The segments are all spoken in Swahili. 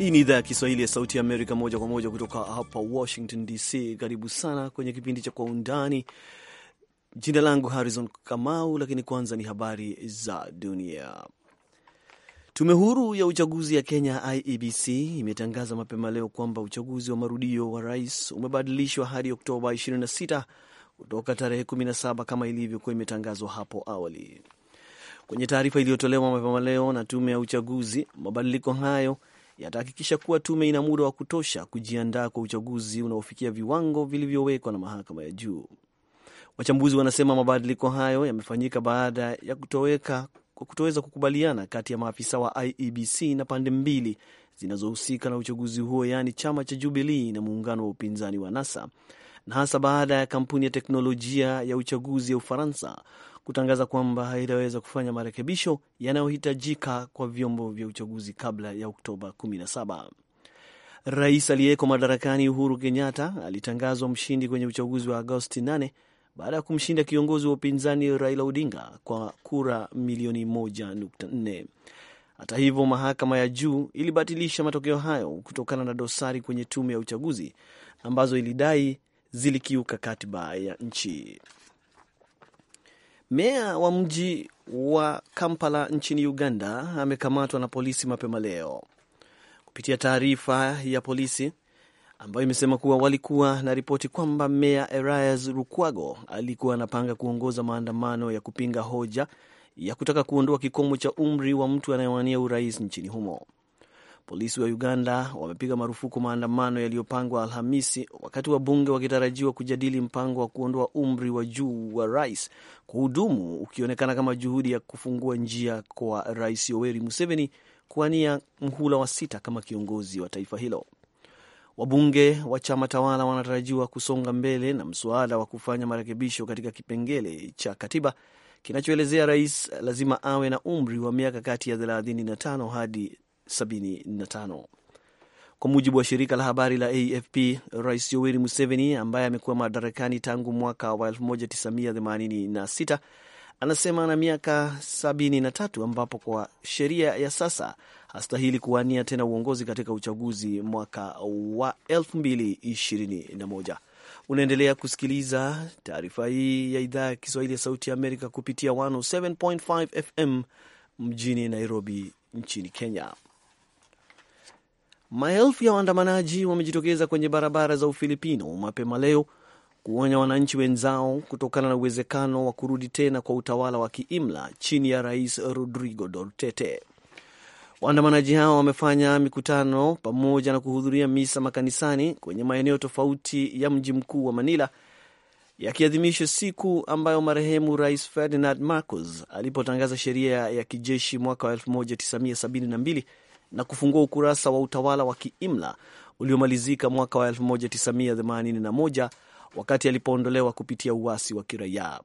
Hii ni idhaa ya Kiswahili ya Sauti ya Amerika, moja kwa moja kutoka hapa Washington DC. Karibu sana kwenye kipindi cha Kwa Undani. Jina langu Harrison Kamau, lakini kwanza ni habari za dunia. Tume huru ya uchaguzi ya Kenya, IEBC, imetangaza mapema leo kwamba uchaguzi wa marudio wa rais umebadilishwa hadi Oktoba 26 kutoka tarehe 17 kama ilivyokuwa imetangazwa hapo awali. Kwenye taarifa iliyotolewa mapema leo na tume ya uchaguzi, mabadiliko hayo yatahakikisha kuwa tume ina muda wa kutosha kujiandaa kwa uchaguzi unaofikia viwango vilivyowekwa na mahakama ya juu. Wachambuzi wanasema mabadiliko hayo yamefanyika baada ya kutoweka kwa kutoweza kukubaliana kati ya maafisa wa IEBC na pande mbili zinazohusika na uchaguzi huo, yaani chama cha Jubilii na muungano wa upinzani wa NASA na hasa baada ya kampuni ya teknolojia ya uchaguzi ya Ufaransa kutangaza kwamba haitaweza kufanya marekebisho yanayohitajika kwa vyombo vya uchaguzi kabla ya Oktoba 17. Rais aliyeko madarakani Uhuru Kenyatta alitangazwa mshindi kwenye uchaguzi wa Agosti 8 baada ya kumshinda kiongozi wa upinzani Raila Odinga kwa kura milioni 1.4. Hata hivyo, mahakama ya juu ilibatilisha matokeo hayo kutokana na dosari kwenye tume ya uchaguzi ambazo ilidai zilikiuka katiba ya nchi. Meya wa mji wa Kampala nchini Uganda amekamatwa na polisi mapema leo kupitia taarifa ya polisi ambayo imesema kuwa walikuwa na ripoti kwamba meya Erias Lukwago alikuwa anapanga kuongoza maandamano ya kupinga hoja ya kutaka kuondoa kikomo cha umri wa mtu anayewania urais nchini humo. Polisi wa Uganda wamepiga marufuku maandamano yaliyopangwa Alhamisi, wakati wabunge wakitarajiwa kujadili mpango wa kuondoa umri wa juu wa rais kuhudumu, ukionekana kama juhudi ya kufungua njia kwa Rais Yoweri Museveni kuwania mhula wa sita kama kiongozi wa taifa hilo. Wabunge wa chama tawala wanatarajiwa kusonga mbele na mswada wa kufanya marekebisho katika kipengele cha katiba kinachoelezea rais lazima awe na umri wa miaka kati ya 35 hadi 75. Kwa mujibu wa shirika la habari la AFP, Rais Yoweri Museveni ambaye amekuwa madarakani tangu mwaka wa 1986 anasema ana miaka 73 ambapo kwa sheria ya sasa hastahili kuwania tena uongozi katika uchaguzi mwaka wa 2021. Unaendelea kusikiliza taarifa hii ya idhaa ya Kiswahili ya Sauti ya Amerika kupitia 107.5 FM mjini Nairobi nchini Kenya. Maelfu ya waandamanaji wamejitokeza kwenye barabara za Ufilipino mapema leo kuonya wananchi wenzao kutokana na uwezekano wa kurudi tena kwa utawala wa kiimla chini ya Rais Rodrigo Duterte. Waandamanaji hao wamefanya mikutano pamoja na kuhudhuria misa makanisani kwenye maeneo tofauti ya mji mkuu wa Manila yakiadhimisha siku ambayo marehemu Rais Ferdinand Marcos alipotangaza sheria ya kijeshi mwaka wa 1972 na kufungua ukurasa wa utawala wa kiimla uliomalizika mwaka wa 1981 wakati alipoondolewa kupitia uasi wa kiraia.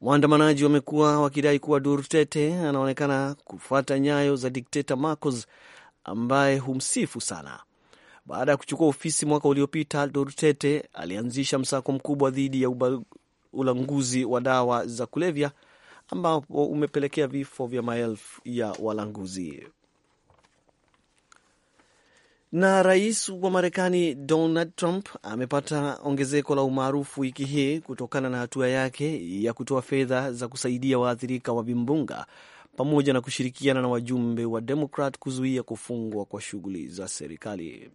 Waandamanaji wamekuwa wakidai kuwa Duterte anaonekana kufuata nyayo za dikteta Marcos ambaye humsifu sana. Baada ya kuchukua ofisi mwaka uliopita, Duterte alianzisha msako mkubwa dhidi ya ulanguzi wa dawa za kulevya ambapo umepelekea vifo vya maelfu ya walanguzi. Na rais wa Marekani Donald Trump amepata ongezeko la umaarufu wiki hii kutokana na hatua yake ya kutoa fedha za kusaidia waathirika wa vimbunga pamoja na kushirikiana na wajumbe wa Demokrat kuzuia kufungwa kwa shughuli za serikali.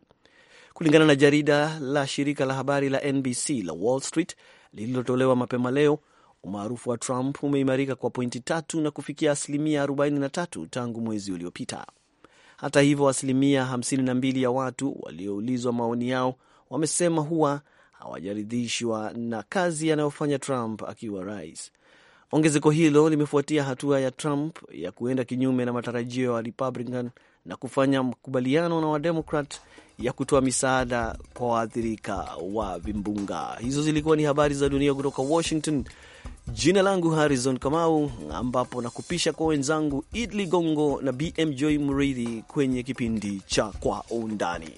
Kulingana na jarida la shirika la habari la NBC la Wall Street lililotolewa mapema leo, umaarufu wa Trump umeimarika kwa pointi tatu na kufikia asilimia 43 tangu mwezi uliopita. Hata hivyo, asilimia 52 ya watu walioulizwa maoni yao wamesema huwa hawajaridhishwa na kazi anayofanya Trump akiwa rais. Ongezeko hilo limefuatia hatua ya Trump ya kuenda kinyume na matarajio ya Republican na kufanya makubaliano na Wademokrat ya kutoa misaada kwa waathirika wa vimbunga. Hizo zilikuwa ni habari za dunia kutoka Washington. Jina langu Harrison Kamau, ambapo nakupisha kwa wenzangu Idli Gongo na BMJ Mridhi kwenye kipindi cha Kwa Undani.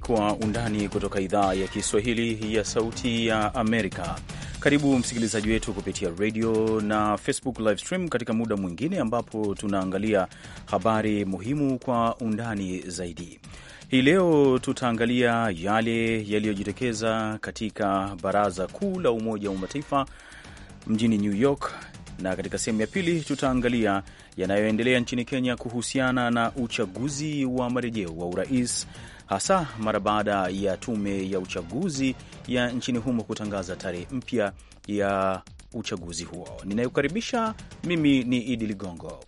Kwa Undani kutoka idhaa ya Kiswahili ya Sauti ya Amerika. Karibu msikilizaji wetu kupitia radio na Facebook live stream katika muda mwingine ambapo tunaangalia habari muhimu kwa undani zaidi. Hii leo tutaangalia yale yaliyojitokeza katika Baraza Kuu la Umoja wa Mataifa mjini New York, na katika sehemu ya pili tutaangalia yanayoendelea nchini Kenya kuhusiana na uchaguzi wa marejeo wa urais hasa mara baada ya tume ya uchaguzi ya nchini humo kutangaza tarehe mpya ya uchaguzi huo. Ninayokaribisha mimi ni Idi Ligongo.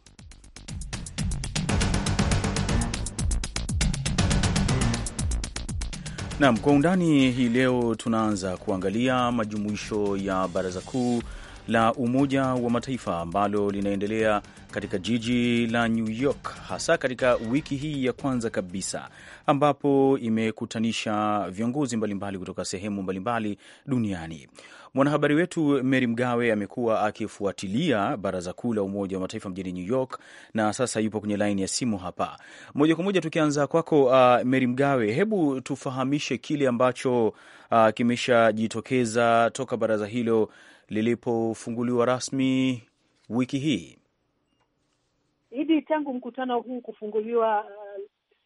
Naam, kwa undani hii leo tunaanza kuangalia majumuisho ya Baraza Kuu la Umoja wa Mataifa ambalo linaendelea katika jiji la New York hasa katika wiki hii ya kwanza kabisa ambapo imekutanisha viongozi mbalimbali kutoka sehemu mbalimbali duniani. Mwanahabari wetu Meri Mgawe amekuwa akifuatilia Baraza Kuu la Umoja wa Mataifa mjini New York na sasa yupo kwenye laini ya simu hapa moja kwa moja. Tukianza kwako, uh, Meri Mgawe, hebu tufahamishe kile ambacho uh, kimeshajitokeza toka baraza hilo lilipofunguliwa rasmi wiki hii. Hidi, tangu mkutano huu kufunguliwa uh,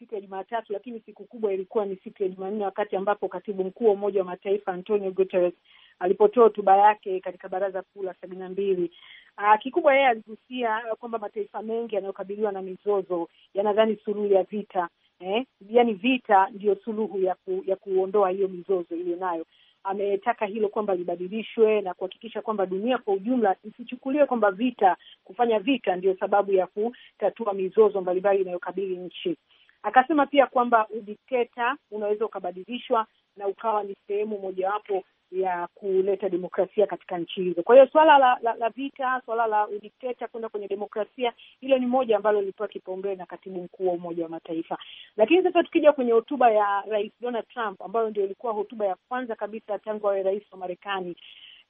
siku ya Jumatatu, lakini siku kubwa ilikuwa ni siku ya Jumanne, wakati ambapo katibu mkuu wa Umoja wa Mataifa Antonio Guterres alipotoa hotuba yake katika Baraza Kuu la sabini na mbili. Ah, kikubwa yeye aligusia kwamba mataifa mengi yanayokabiliwa na mizozo yanadhani suluhu ya vita eh, yani vita ndiyo suluhu ya, ku, ya kuondoa hiyo mizozo iliyonayo. Ametaka hilo kwamba libadilishwe na kuhakikisha kwamba dunia kwa ujumla isichukuliwe kwamba vita, kufanya vita ndio sababu ya kutatua mizozo mbalimbali inayokabili nchi. Akasema pia kwamba udikteta unaweza ukabadilishwa na ukawa ni sehemu mojawapo ya kuleta demokrasia katika nchi hizo. Kwa hiyo swala la, la, la vita, swala la udikteta kwenda kwenye demokrasia, hilo ni moja ambalo lilipewa kipaumbele na katibu mkuu wa Umoja wa Mataifa. Lakini sasa tukija kwenye hotuba ya Rais Donald Trump ambayo ndio ilikuwa hotuba ya kwanza kabisa tangu awe rais wa Marekani,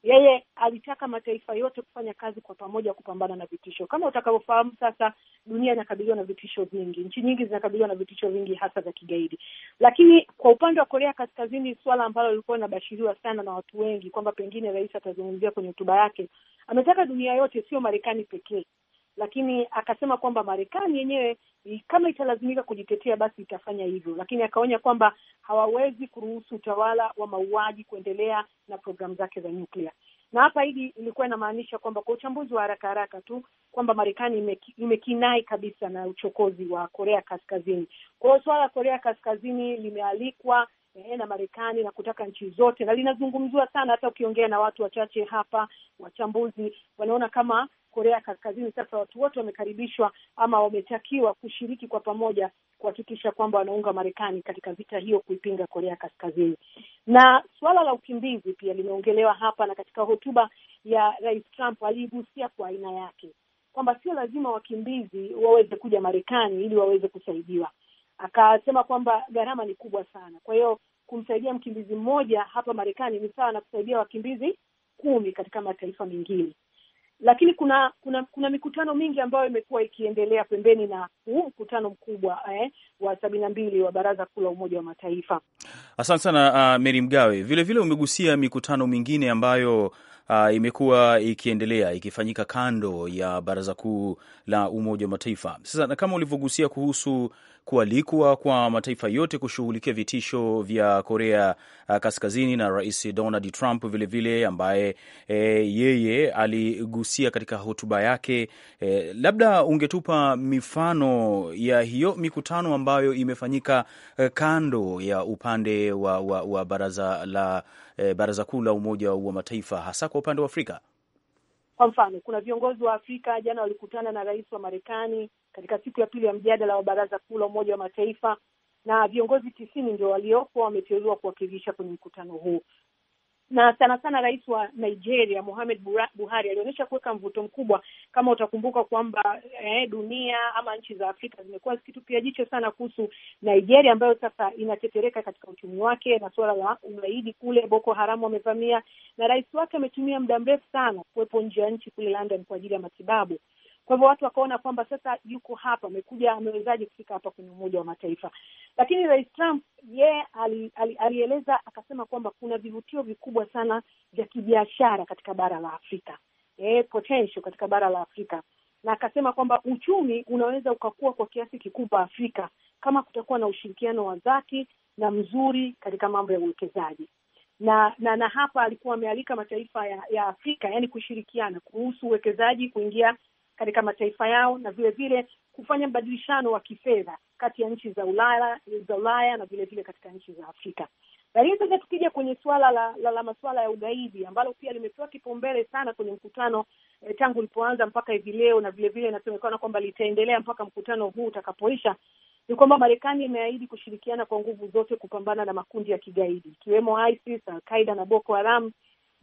yeye alitaka mataifa yote kufanya kazi kwa pamoja kupambana na vitisho. Kama utakavyofahamu sasa, dunia inakabiliwa na vitisho vingi, nchi nyingi zinakabiliwa na vitisho vingi, hasa za kigaidi. Lakini kwa upande wa Korea Kaskazini, suala ambalo lilikuwa linabashiriwa sana na watu wengi kwamba pengine rais atazungumzia kwenye hotuba yake, ametaka dunia yote, sio Marekani pekee, lakini akasema kwamba Marekani yenyewe kama italazimika kujitetea basi itafanya hivyo, lakini akaonya kwamba hawawezi kuruhusu utawala wa mauaji kuendelea na programu zake za nyuklia. Na hapa hili ilikuwa inamaanisha kwamba kwa uchambuzi wa haraka haraka tu kwamba Marekani imekinai kabisa na uchokozi wa Korea Kaskazini. Kwa hiyo suala la Korea Kaskazini limealikwa eh, na Marekani na kutaka nchi zote, na linazungumziwa sana. Hata ukiongea na watu wachache hapa, wachambuzi wanaona kama Korea Kaskazini sasa watu wote wamekaribishwa ama wametakiwa kushiriki kwa pamoja kuhakikisha kwamba wanaunga Marekani katika vita hiyo kuipinga Korea Kaskazini. Na suala la ukimbizi pia limeongelewa hapa, na katika hotuba ya Rais Trump aliigusia kwa aina yake kwamba sio lazima wakimbizi waweze kuja Marekani ili waweze kusaidiwa. Akasema kwamba gharama ni kubwa sana, kwa hiyo kumsaidia mkimbizi mmoja hapa Marekani ni sawa na kusaidia wakimbizi kumi katika mataifa mengine. Lakini kuna kuna kuna mikutano mingi ambayo imekuwa ikiendelea pembeni na huu mkutano mkubwa eh, wa sabini na mbili wa Baraza Kuu la Umoja wa Mataifa. Asante sana uh, Meri Mgawe. Vilevile umegusia mikutano mingine ambayo Uh, imekuwa ikiendelea ikifanyika kando ya Baraza Kuu la Umoja wa Mataifa. Sasa na kama ulivyogusia kuhusu kualikwa kwa mataifa yote kushughulikia vitisho vya Korea uh, Kaskazini na Rais Donald Trump vilevile vile, ambaye e, yeye aligusia katika hotuba yake e, labda ungetupa mifano ya hiyo mikutano ambayo imefanyika eh, kando ya upande wa, wa, wa baraza la e, baraza kuu la Umoja wa Mataifa hasa kwa upande wa Afrika. Kwa mfano, kuna viongozi wa Afrika jana walikutana na rais wa Marekani katika siku ya pili ya mjadala wa Baraza Kuu la Umoja wa Mataifa, na viongozi tisini ndio waliopo wameteuliwa kuwakilisha kwenye mkutano huu na sana sana rais wa Nigeria muhamed Buhari alionyesha kuweka mvuto mkubwa. Kama utakumbuka kwamba eh, dunia ama nchi za Afrika zimekuwa zikitupia jicho sana kuhusu Nigeria ambayo sasa inatetereka katika uchumi wake na suala la ugaidi kule, Boko haramu wamevamia, na rais wake ametumia muda mrefu sana kuwepo nje ya nchi kule London kwa ajili ya matibabu. Kwa hivyo watu wakaona kwamba sasa yuko hapa, amekuja, amewezaje kufika hapa kwenye Umoja wa Mataifa? Lakini Rais Trump yeye ali, ali, alieleza akasema kwamba kuna vivutio vikubwa sana vya kibiashara katika bara la Afrika, e, potential katika bara la Afrika, na akasema kwamba uchumi unaweza ukakua kwa kiasi kikubwa Afrika kama kutakuwa na ushirikiano wa dhati na mzuri katika mambo ya uwekezaji na na na hapa alikuwa amealika mataifa ya, ya Afrika yani kushirikiana kuhusu uwekezaji kuingia katika mataifa yao na vile vile kufanya mbadilishano wa kifedha kati ya nchi za Ulaya za Ulaya na vile vile katika nchi za Afrika. Lakini sasa tukija kwenye suala la, la, la masuala ya ugaidi ambalo pia limepewa kipaumbele sana kwenye mkutano eh, tangu ulipoanza mpaka hivi leo, na vile vile inasemekana kwamba litaendelea mpaka mkutano huu utakapoisha, ni kwamba Marekani imeahidi kushirikiana kwa nguvu zote kupambana na makundi ya kigaidi ikiwemo ISIS, Al-Qaeda na Boko Haram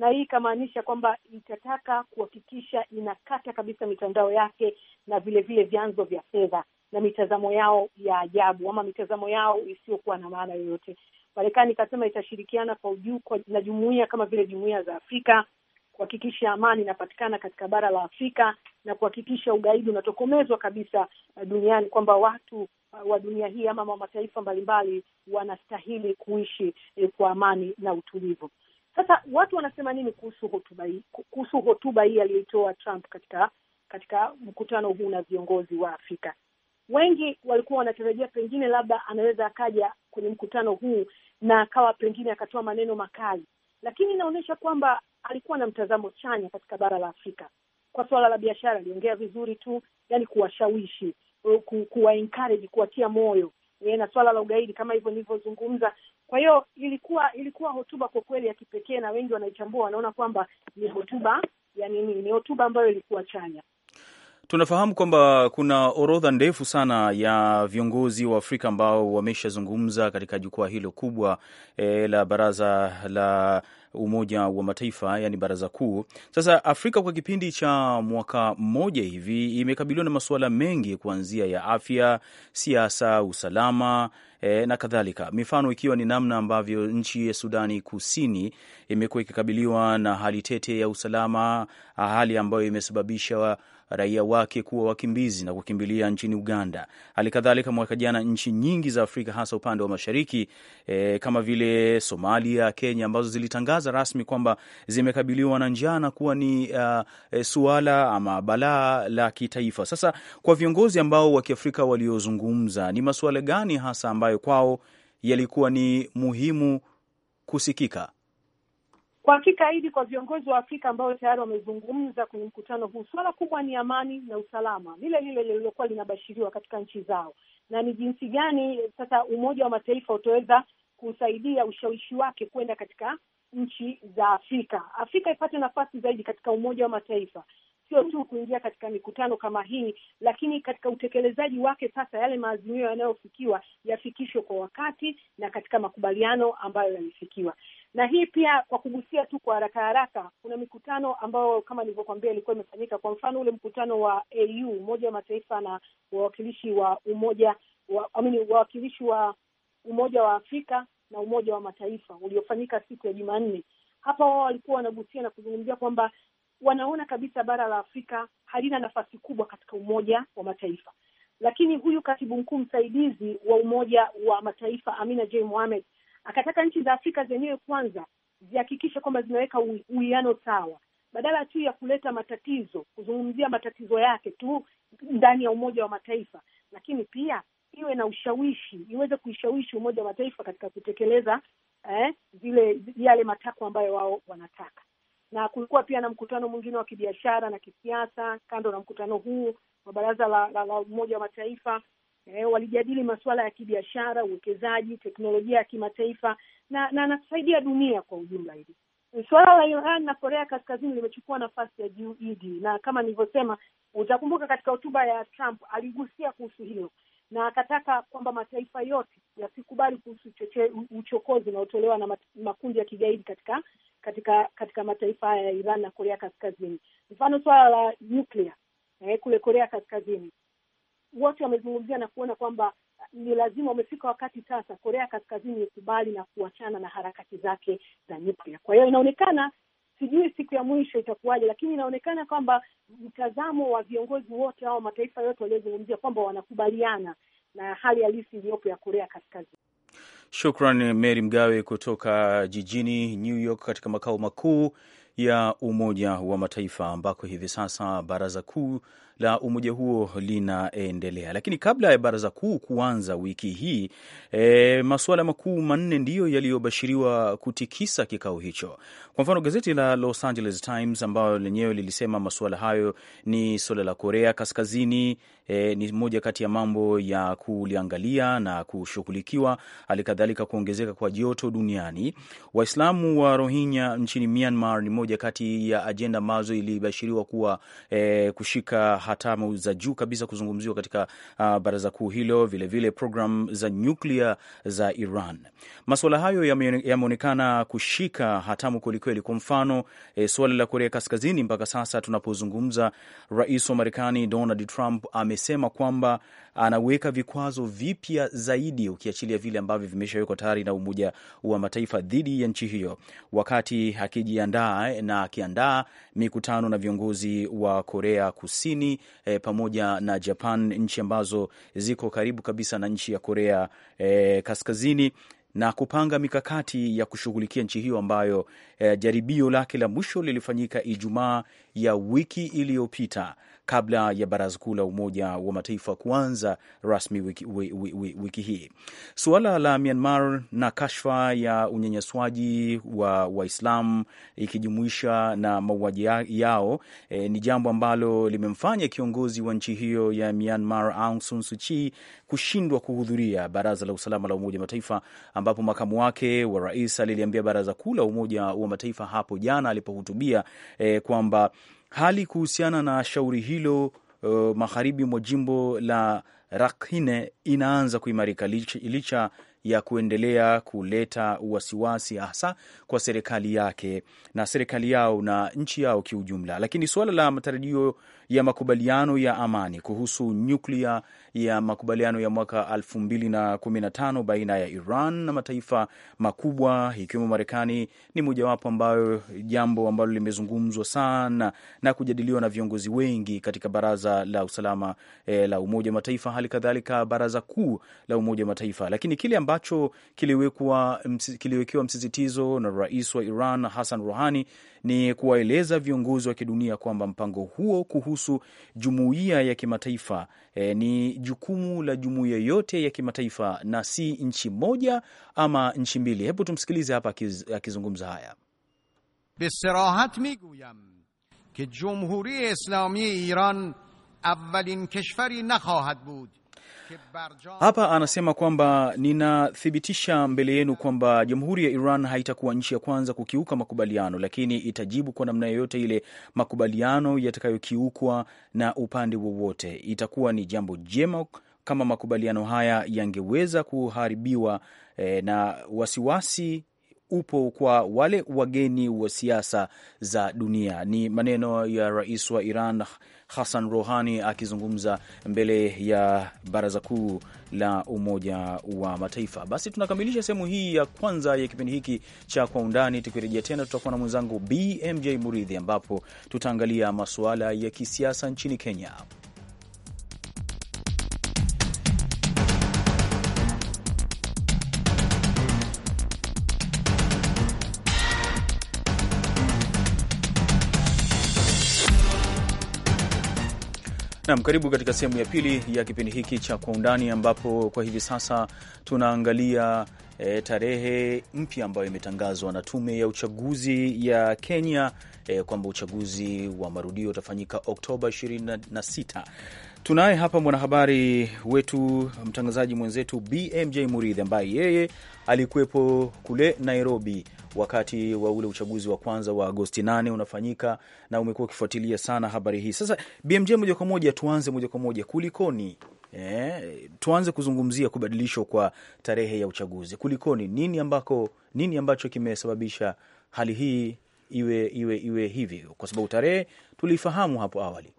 na hii ikamaanisha kwamba itataka kuhakikisha inakata kabisa mitandao yake na vile vile vyanzo vya fedha na mitazamo yao ya ajabu ama mitazamo yao isiyokuwa na maana yoyote. Marekani ikasema itashirikiana kwa ujuu na jumuia kama vile jumuia za Afrika kuhakikisha amani inapatikana katika bara la Afrika na kuhakikisha ugaidi unatokomezwa kabisa uh, duniani, kwamba watu uh, wa dunia hii ama mataifa mbalimbali wanastahili kuishi eh, kwa amani na utulivu. Sasa watu wanasema nini kuhusu hotuba hii, kuhusu hotuba hii aliyoitoa Trump katika katika mkutano huu na viongozi wa Afrika? Wengi walikuwa wanatarajia pengine labda anaweza akaja kwenye mkutano huu na akawa pengine akatoa maneno makali, lakini inaonyesha kwamba alikuwa na mtazamo chanya katika bara la Afrika. Kwa suala la biashara aliongea vizuri tu, yani kuwashawishi, kuwa encourage, kuwatia moyo eh, na suala la ugaidi kama hivyo nilivyozungumza, kwa hiyo ilikuwa ilikuwa hotuba kwa kweli ya kipekee, na wengi wanaichambua wanaona kwamba ni hotuba ya nini, ni hotuba ambayo ilikuwa chanya. Tunafahamu kwamba kuna orodha ndefu sana ya viongozi wa Afrika ambao wameshazungumza katika jukwaa hilo kubwa e, la baraza la Umoja wa Mataifa, yani baraza kuu. Sasa Afrika kwa kipindi cha mwaka mmoja hivi imekabiliwa na masuala mengi, kuanzia ya afya, siasa, usalama e, na kadhalika, mifano ikiwa ni namna ambavyo nchi ya Sudani Kusini imekuwa ikikabiliwa na hali tete ya usalama, hali ambayo imesababisha raia wake kuwa wakimbizi na kukimbilia nchini Uganda. Hali kadhalika mwaka jana, nchi nyingi za Afrika hasa upande wa mashariki e, kama vile Somalia, Kenya ambazo zilitangaza rasmi kwamba zimekabiliwa na njaa na kuwa ni uh, suala ama balaa la kitaifa. Sasa kwa viongozi ambao wa Kiafrika waliozungumza, ni masuala gani hasa ambayo kwao yalikuwa ni muhimu kusikika? Kwa hakika hili kwa viongozi wa Afrika ambao tayari wamezungumza kwenye mkutano huu, suala kubwa ni amani na usalama, lile lile lililokuwa linabashiriwa katika nchi zao, na ni jinsi gani sasa Umoja wa Mataifa utaweza kusaidia ushawishi wake kwenda katika nchi za Afrika, Afrika ipate nafasi zaidi katika Umoja wa Mataifa, sio tu kuingia katika mikutano kama hii, lakini katika utekelezaji wake sasa, yale maazimio yanayofikiwa yafikishwe kwa wakati na katika makubaliano ambayo yamefikiwa. Na hii pia kwa kugusia tu kwa haraka haraka, kuna mikutano ambayo kama ilivyokwambia ilikuwa imefanyika, kwa mfano ule mkutano wa AU, Umoja wa Mataifa na wawakilishi wa umoja wa, mean, wawakilishi wa Umoja wa Afrika na Umoja wa Mataifa uliofanyika siku ya Jumanne. Hapa wao walikuwa wanagusia na kuzungumzia kwamba wanaona kabisa bara la Afrika halina nafasi kubwa katika Umoja wa Mataifa. Lakini huyu katibu mkuu msaidizi wa Umoja wa Mataifa Amina J Mohamed akataka nchi za Afrika zenyewe kwanza zihakikishe kwamba zinaweka uwiano sawa, badala tu ya kuleta matatizo, kuzungumzia matatizo yake tu ndani ya Umoja wa Mataifa, lakini pia iwe na ushawishi, iweze kuishawishi Umoja wa Mataifa katika kutekeleza eh, zile yale matakwa ambayo wao wanataka na kulikuwa pia na mkutano mwingine wa kibiashara na kisiasa kando na mkutano huu wa baraza la, la, la Umoja wa Mataifa. E, walijadili masuala ya kibiashara, uwekezaji, teknolojia ya kimataifa na na nasaidia dunia kwa ujumla. Hili suala la Iran na Korea Kaskazini limechukua nafasi ya juu idi, na kama nilivyosema, utakumbuka katika hotuba ya Trump aligusia kuhusu hilo na akataka kwamba mataifa yote yasikubali kuhusu uchokozi unaotolewa na, makundi ya kigaidi katika katika katika mataifa haya ya Iran na Korea Kaskazini. Mfano suala la nyuklia eh, kule Korea Kaskazini wote wamezungumzia na kuona kwamba uh, ni lazima, umefika wakati sasa Korea Kaskazini ikubali na kuachana na harakati zake za nyuklia. Kwa hiyo inaonekana sijui siku ya mwisho itakuwaje, lakini inaonekana kwamba mtazamo wa viongozi wote au mataifa yote waliozungumzia kwamba wanakubaliana na hali halisi iliyopo ya Korea Kaskazini. Shukran Mary Mgawe kutoka jijini New York katika makao makuu ya Umoja wa Mataifa ambako hivi sasa baraza kuu la umoja huo linaendelea. Lakini kabla ya baraza kuu kuanza wiki hii e, masuala makuu manne ndiyo yaliyobashiriwa kutikisa kikao hicho. Kwa mfano, gazeti la Los Angeles Times ambayo lenyewe lilisema masuala hayo ni suala la Korea Kaskazini, e, ni moja kati ya mambo ya kuliangalia na kushughulikiwa, hali kadhalika kuongezeka kwa joto duniani. Waislamu wa Rohingya nchini Myanmar ni moja kati ya ajenda ambazo ilibashiriwa kuwa e, kushika hatamu za juu kabisa kuzungumziwa katika uh, baraza kuu hilo, vilevile programu za nyuklia za Iran. Masuala hayo yameonekana kushika hatamu kwelikweli. Kwa mfano e, suala la Korea Kaskazini, mpaka sasa tunapozungumza, rais wa Marekani Donald Trump amesema kwamba anaweka vikwazo vipya zaidi, ukiachilia vile ambavyo vimeshawekwa tayari na Umoja wa Mataifa dhidi ya nchi hiyo, wakati akijiandaa na akiandaa mikutano na viongozi wa Korea Kusini e, pamoja na Japan, nchi ambazo ziko karibu kabisa na nchi ya Korea e, Kaskazini na kupanga mikakati ya kushughulikia nchi hiyo ambayo e, jaribio lake la mwisho lilifanyika Ijumaa ya wiki iliyopita kabla ya Baraza Kuu la Umoja wa Mataifa kuanza rasmi wiki, wiki, wiki, wiki hii. Suala la Myanmar na kashfa ya unyanyaswaji wa waislam ikijumuisha na mauaji yao e, ni jambo ambalo limemfanya kiongozi wa nchi hiyo ya Myanmar Aung San Suu Kyi kushindwa kuhudhuria Baraza la Usalama la Umoja wa Mataifa, ambapo makamu wake wa rais aliliambia Baraza Kuu la Umoja wa Mataifa hapo jana alipohutubia e, kwamba Hali kuhusiana na shauri hilo uh, magharibi mwa jimbo la Rakhine inaanza kuimarika licha ya kuendelea kuleta wasiwasi hasa kwa serikali yake na serikali yao na nchi yao kiujumla. Lakini suala la matarajio ya makubaliano ya amani kuhusu nyuklia ya makubaliano ya mwaka 2015 baina ya Iran na mataifa makubwa ikiwemo Marekani ni mojawapo ambayo jambo ambalo limezungumzwa sana na kujadiliwa na viongozi wengi katika Baraza la Usalama e, la Umoja wa Mataifa, hali kadhalika Baraza Kuu la Umoja wa Mataifa, lakini kile ambacho kiliwekewa msisitizo na rais wa Iran Hassan Rouhani ni kuwaeleza viongozi wa kidunia kwamba mpango huo kuhusu jumuiya ya kimataifa e, ni jukumu la jumuiya yote ya kimataifa na si nchi moja ama nchi mbili. Hebu tumsikilize hapa akizungumza haya. beserahat miguyam ke jumhuri islami iran awalin kishfari nakhahad bud hapa anasema kwamba ninathibitisha mbele yenu kwamba jamhuri ya Iran haitakuwa nchi ya kwanza kukiuka makubaliano, lakini itajibu kwa namna yoyote ile makubaliano yatakayokiukwa na upande wowote. Itakuwa ni jambo jema kama makubaliano haya yangeweza kuharibiwa, eh, na wasiwasi upo kwa wale wageni wa siasa za dunia. Ni maneno ya rais wa Iran Hassan Rouhani akizungumza mbele ya Baraza Kuu la Umoja wa Mataifa. Basi tunakamilisha sehemu hii ya kwanza ya kipindi hiki cha Kwa Undani. Tukirejea tena, tutakuwa na mwenzangu BMJ Muridhi ambapo tutaangalia masuala ya kisiasa nchini Kenya. Nam, karibu katika sehemu ya pili ya kipindi hiki cha Kwa Undani, ambapo kwa hivi sasa tunaangalia e, tarehe mpya ambayo imetangazwa na tume ya uchaguzi ya Kenya e, kwamba uchaguzi wa marudio utafanyika Oktoba 26. Tunaye hapa mwanahabari wetu, mtangazaji mwenzetu BMJ Muridhi, ambaye yeye alikuwepo kule Nairobi wakati wa ule uchaguzi wa kwanza wa Agosti 8 unafanyika, na umekuwa ukifuatilia sana habari hii. Sasa BMJ, moja kwa moja tuanze moja kwa moja, kulikoni? Eh, tuanze kuzungumzia kubadilishwa kwa tarehe ya uchaguzi. Kulikoni? Nini ambako nini ambacho kimesababisha hali hii iwe iwe iwe hivi? Kwa sababu tarehe tulifahamu hapo awali.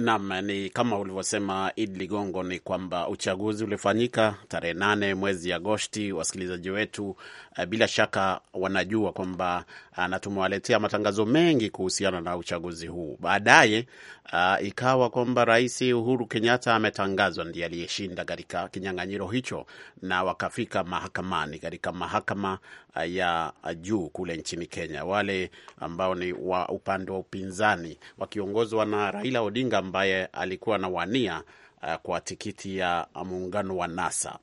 Naam, ni kama ulivyosema id Ligongo, ni kwamba uchaguzi ulifanyika tarehe nane mwezi Agosti. Wasikilizaji wetu uh, bila shaka wanajua kwamba ah, na tumewaletea matangazo mengi kuhusiana na uchaguzi huu. Baadaye uh, ikawa kwamba Rais Uhuru Kenyatta ametangazwa ndiye aliyeshinda katika kinyang'anyiro hicho, na wakafika mahakamani katika mahakama ya juu kule nchini Kenya, wale ambao ni wa upande wa upinzani wakiongozwa na Raila Odinga ambaye alikuwa anawania uh, kwa tikiti ya muungano wa NASA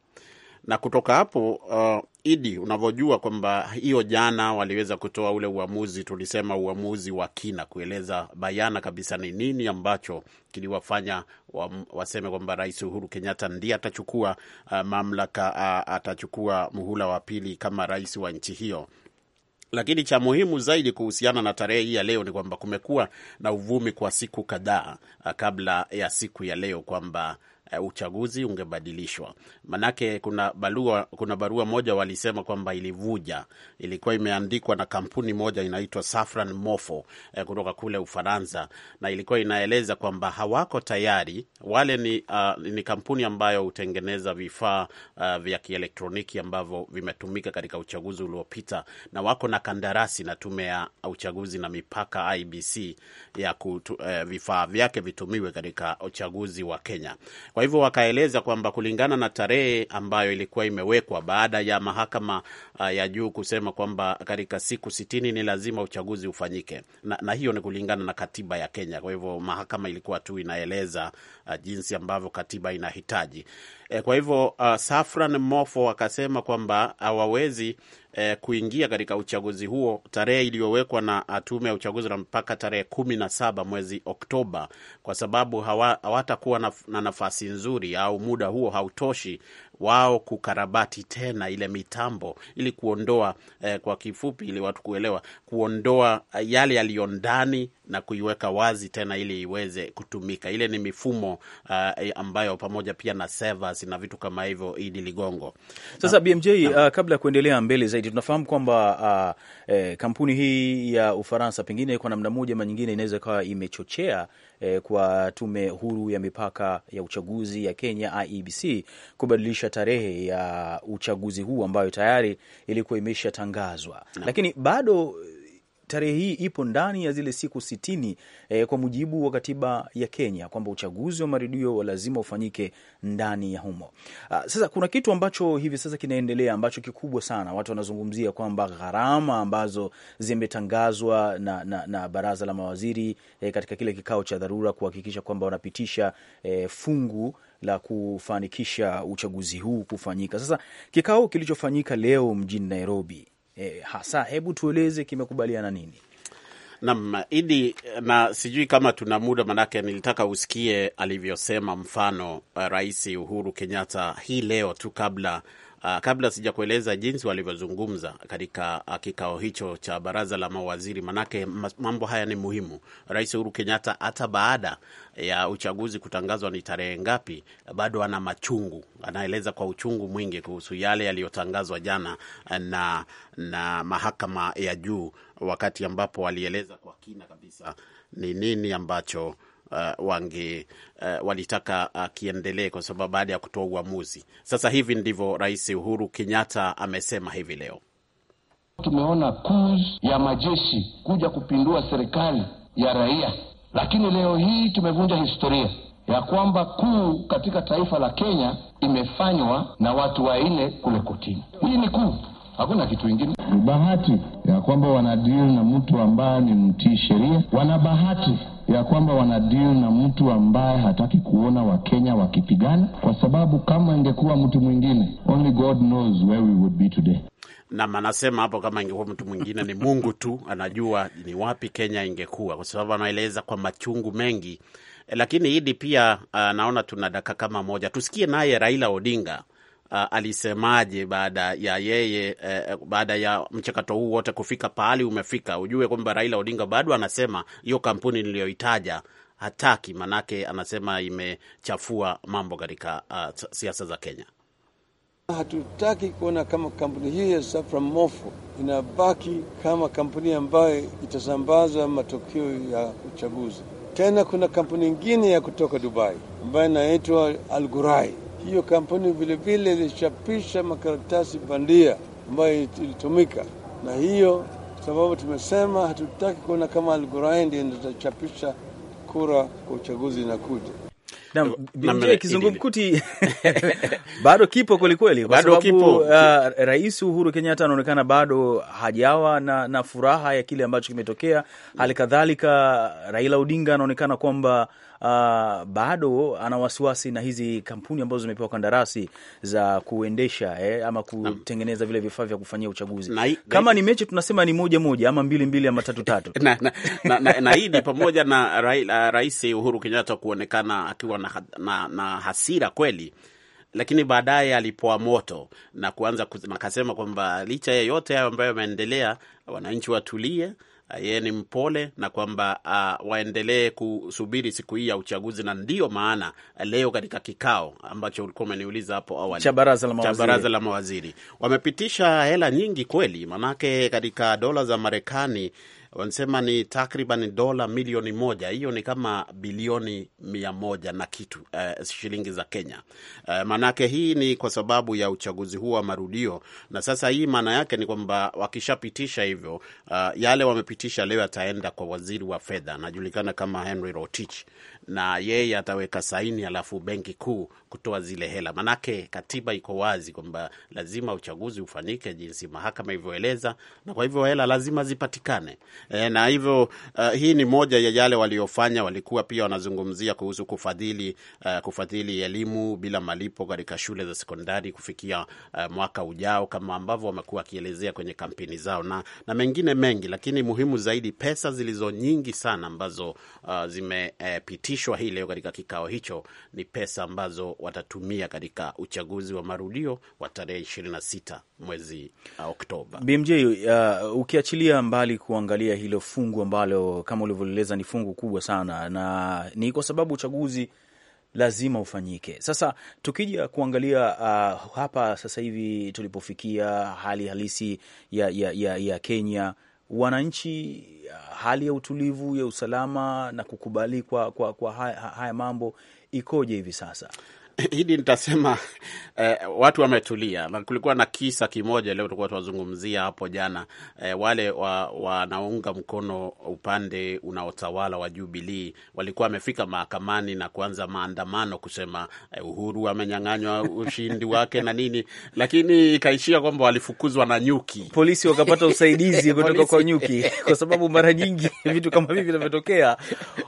na kutoka hapo uh, Idi, unavyojua kwamba hiyo jana waliweza kutoa ule uamuzi, tulisema uamuzi wa kina, kueleza bayana kabisa ni nini ambacho kiliwafanya wa, waseme kwamba Rais Uhuru Kenyatta ndiye atachukua uh, mamlaka uh, atachukua muhula wa pili kama rais wa nchi hiyo lakini cha muhimu zaidi kuhusiana na tarehe hii ya leo ni kwamba kumekuwa na uvumi kwa siku kadhaa ah, kabla ya siku ya leo kwamba uh, uchaguzi ungebadilishwa. Manake kuna barua, kuna barua moja walisema kwamba ilivuja, ilikuwa imeandikwa na kampuni moja inaitwa Safran Mofo uh, kutoka kule Ufaransa, na ilikuwa inaeleza kwamba hawako tayari wale ni, uh, ni kampuni ambayo hutengeneza vifaa uh, vya kielektroniki ambavyo vimetumika katika uchaguzi uliopita, na wako na kandarasi na tume ya uchaguzi na mipaka IBC ya kutu, uh, vifaa vyake vitumiwe katika uchaguzi wa Kenya kwa hivyo wakaeleza kwamba kulingana na tarehe ambayo ilikuwa imewekwa baada ya mahakama uh, ya juu kusema kwamba katika siku sitini ni lazima uchaguzi ufanyike na, na hiyo ni kulingana na katiba ya Kenya. Kwa hivyo mahakama ilikuwa tu inaeleza uh, jinsi ambavyo katiba inahitaji. E, kwa hivyo uh, Safran Mofo akasema kwamba hawawezi uh, eh, kuingia katika uchaguzi huo tarehe iliyowekwa na ah, tume ya uchaguzi na mpaka tarehe kumi na saba mwezi Oktoba, kwa sababu hawatakuwa hawa na, na nafasi nzuri au muda huo hautoshi wao kukarabati tena ile mitambo ili kuondoa eh, kwa kifupi, ili watu kuelewa, kuondoa eh, yale yaliyo ndani na kuiweka wazi tena ili iweze kutumika. Ile ni mifumo uh, ambayo pamoja pia na servers na vitu kama hivyo. Idi Ligongo, sasa BMJ, uh, kabla ya kuendelea mbele zaidi, tunafahamu kwamba uh, eh, kampuni hii ya Ufaransa pengine kwa namna moja ama nyingine inaweza ikawa imechochea eh, kwa tume huru ya mipaka ya uchaguzi ya Kenya IEBC kubadilisha tarehe ya uchaguzi huu ambayo tayari ilikuwa imeshatangazwa, lakini bado tarehe hii ipo ndani ya zile siku sitini eh, kwa mujibu wa katiba ya Kenya kwamba uchaguzi wa maridio lazima ufanyike ndani ya humo. A, ah, sasa kuna kitu ambacho hivi sasa kinaendelea ambacho kikubwa sana watu wanazungumzia kwamba gharama ambazo zimetangazwa na, na, na baraza la mawaziri eh, katika kile kikao cha dharura kuhakikisha kwamba wanapitisha eh, fungu la kufanikisha uchaguzi huu kufanyika. Sasa kikao kilichofanyika leo mjini Nairobi e, hasa. Hebu tueleze kimekubaliana nini? Naam, Idi, na sijui kama tuna muda, manake nilitaka usikie alivyosema, mfano eh, Rais Uhuru Kenyatta hii leo tu kabla Uh, kabla sijakueleza jinsi walivyozungumza katika uh, kikao hicho cha baraza la mawaziri, manake mambo haya ni muhimu. Rais Uhuru Kenyatta hata baada ya uchaguzi kutangazwa ni tarehe ngapi, bado ana machungu, anaeleza kwa uchungu mwingi kuhusu yale yaliyotangazwa jana ah, na, na mahakama ya juu, wakati ambapo alieleza kwa kina kabisa ni nini ambacho uh, wange uh, walitaka akiendelee eh, uh, kwa sababu baada ya kutoa uamuzi. Sasa hivi ndivyo Rais Uhuru Kenyatta amesema hivi leo. Tumeona kuz ya majeshi kuja kupindua serikali ya raia, lakini leo hii tumevunja historia ya kwamba kuu katika taifa la Kenya imefanywa na watu wanne kule kotini. Hii ni kuu Hakuna kitu ingine Ni bahati ya kwamba wana deal na mtu ambaye ni mtii sheria. Wana bahati ya kwamba wana deal na mtu ambaye hataki kuona Wakenya wakipigana, kwa sababu kama ingekuwa mtu mwingine, only God knows where we would be today. Nam anasema hapo, kama ingekuwa mtu mwingine, ni Mungu tu anajua ni wapi Kenya ingekuwa, kwa sababu anaeleza kwa machungu mengi. Eh, lakini hidi pia, ah, naona tuna dakika kama moja, tusikie naye Raila Odinga uh, alisemaje baada ya yeye uh, baada ya mchakato huu wote kufika pahali umefika. Ujue kwamba Raila Odinga bado anasema hiyo kampuni niliyoitaja hataki, manake anasema imechafua mambo katika uh, siasa za Kenya. Hatutaki kuona kama kampuni hii ya Safran Morpho inabaki kama kampuni ambayo itasambaza matokeo ya uchaguzi. Tena kuna kampuni ingine ya kutoka Dubai ambayo inaitwa Algurai hiyo kampuni vilevile ilichapisha makaratasi bandia ambayo ilitumika, na hiyo sababu tumesema hatutaki kuona kama Al-Ghurair ndio kura kwa uchaguzi inakuja. Kizungumkuti bado kipo kwelikweli, kwa sababu uh, Rais Uhuru Kenyatta anaonekana bado hajawa na, na furaha ya kile ambacho kimetokea. Hali kadhalika Raila Odinga anaonekana kwamba Uh, bado ana wasiwasi na hizi kampuni ambazo zimepewa kandarasi za kuendesha eh, ama kutengeneza vile vifaa vya kufanyia uchaguzi na, kama ni mechi tunasema ni moja moja ama mbili mbili ama tatu tatu na, na, na, na, na hii ni pamoja na uh, Rais Uhuru Kenyatta kuonekana akiwa na, na, na hasira kweli, lakini baadaye alipoa moto na kuanza akasema kwamba licha ya yote hayo ambayo yameendelea, wananchi watulie yeye ni mpole na kwamba uh, waendelee kusubiri siku hii ya uchaguzi, na ndiyo maana leo katika kikao ambacho ulikuwa umeniuliza hapo awali cha baraza la mawaziri, baraza la mawaziri wamepitisha hela nyingi kweli, manake katika dola za Marekani wanasema ni takriban dola milioni moja. Hiyo ni kama bilioni mia moja na kitu eh, shilingi za Kenya eh, maanake hii ni kwa sababu ya uchaguzi huu wa marudio. Na sasa hii maana yake ni kwamba wakishapitisha hivyo, uh, yale wamepitisha leo yataenda kwa waziri wa fedha anajulikana kama Henry Rotich, na yeye ataweka saini, alafu benki kuu kutoa zile hela. Maanake katiba iko wazi kwamba lazima uchaguzi ufanyike jinsi mahakama ilivyoeleza, na kwa hivyo hela lazima zipatikane e, na hivyo uh, hii ni moja ya yale waliofanya. Walikuwa pia wanazungumzia kuhusu kufadhili uh, kufadhili elimu bila malipo katika shule za sekondari kufikia uh, mwaka ujao, kama ambavyo wamekuwa wakielezea kwenye kampeni zao na, na mengine mengi, lakini muhimu zaidi pesa zilizo nyingi sana ambazo uh, zimepitishwa uh, hii leo katika kikao hicho ni pesa ambazo watatumia katika uchaguzi wa marudio wa tarehe 26 mwezi uh, Oktoba. BMJ, uh, ukiachilia mbali kuangalia ya hilo fungu ambalo kama ulivyoeleza ni fungu kubwa sana, na ni kwa sababu uchaguzi lazima ufanyike. Sasa tukija kuangalia uh, hapa sasa hivi tulipofikia hali halisi ya, ya, ya, ya Kenya, wananchi, uh, hali ya utulivu ya usalama na kukubali kwa, kwa, kwa haya, haya mambo ikoje hivi sasa? hili nitasema eh, watu wametulia. Kulikuwa na kisa kimoja leo tulikuwa tuwazungumzia hapo jana eh, wale wanaunga wa mkono upande unaotawala wa Jubilii walikuwa wamefika mahakamani na kuanza maandamano kusema eh, Uhuru amenyang'anywa ushindi wake na nini, lakini ikaishia kwamba walifukuzwa na nyuki, polisi wakapata usaidizi kutoka kwa nyuki, kwa sababu mara nyingi vitu kama hivi vinavyotokea,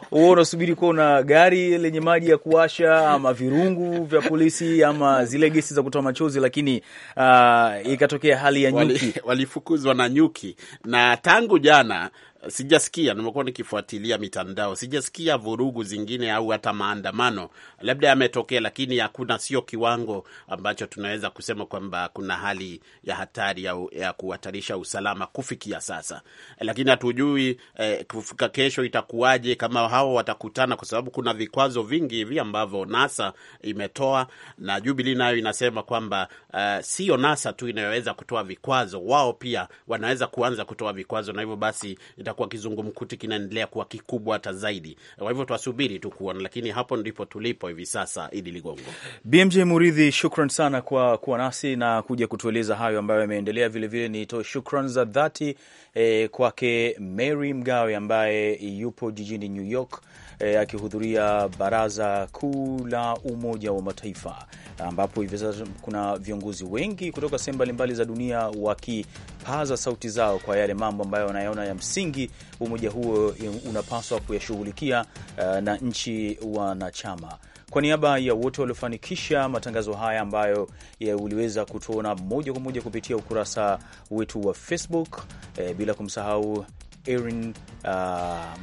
huwa unasubiri kuwa gari lenye maji ya kuwasha ama virungu vya polisi ama zile gesi za kutoa machozi, lakini uh, ikatokea hali ya nyuki, walifukuzwa wali na nyuki, na tangu jana sijasikia, nimekuwa nikifuatilia mitandao, sijasikia vurugu zingine au hata maandamano. Labda yametokea, lakini hakuna, sio kiwango ambacho tunaweza kusema kwamba kuna hali ya hatari ya, ya kuhatarisha usalama kufikia sasa, lakini hatujui eh, kufika kesho itakuwaje, kama hao watakutana, kwa sababu kuna vikwazo vingi hivi ambavyo NASA imetoa na Jubilee nayo inasema kwamba eh, sio NASA tu inayoweza kutoa vikwazo, wao pia wanaweza kuanza kutoa vikwazo, na hivyo basi ita kwa kizungumkuti kinaendelea kuwa kikubwa hata zaidi. Kwa hivyo twasubiri tu kuona, lakini hapo ndipo tulipo hivi sasa. Idi Ligongo, BMJ Muridhi, shukran sana kwa kuwa nasi na kuja kutueleza hayo ambayo yameendelea. Vilevile nitoe shukran za dhati eh, kwake Mary Mgawe ambaye yupo jijini New York eh, akihudhuria baraza kuu la Umoja wa Mataifa ambapo hivi sasa kuna viongozi wengi kutoka sehemu mbalimbali za dunia wakipaza sauti zao kwa yale mambo ambayo wanayaona ya msingi umoja huo unapaswa kuyashughulikia eh, na nchi wanachama. Kwa niaba ya wote waliofanikisha matangazo haya ambayo eh, uliweza kutuona moja kwa moja kupitia ukurasa wetu wa Facebook, eh, bila kumsahau Erin uh,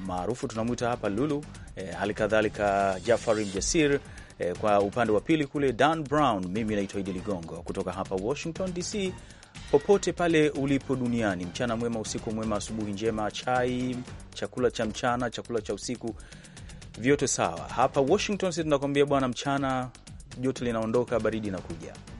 maarufu tunamwita hapa Lulu, eh, hali e, kadhalika Jafari Mjasir e, eh, kwa upande wa pili kule Dan Brown. Mimi naitwa Idi Ligongo kutoka hapa Washington DC. Popote pale ulipo duniani, mchana mwema, usiku mwema, asubuhi njema, chai, chakula cha mchana, chakula cha usiku, vyote sawa. Hapa Washington sisi tunakwambia bwana, mchana joto linaondoka, baridi inakuja.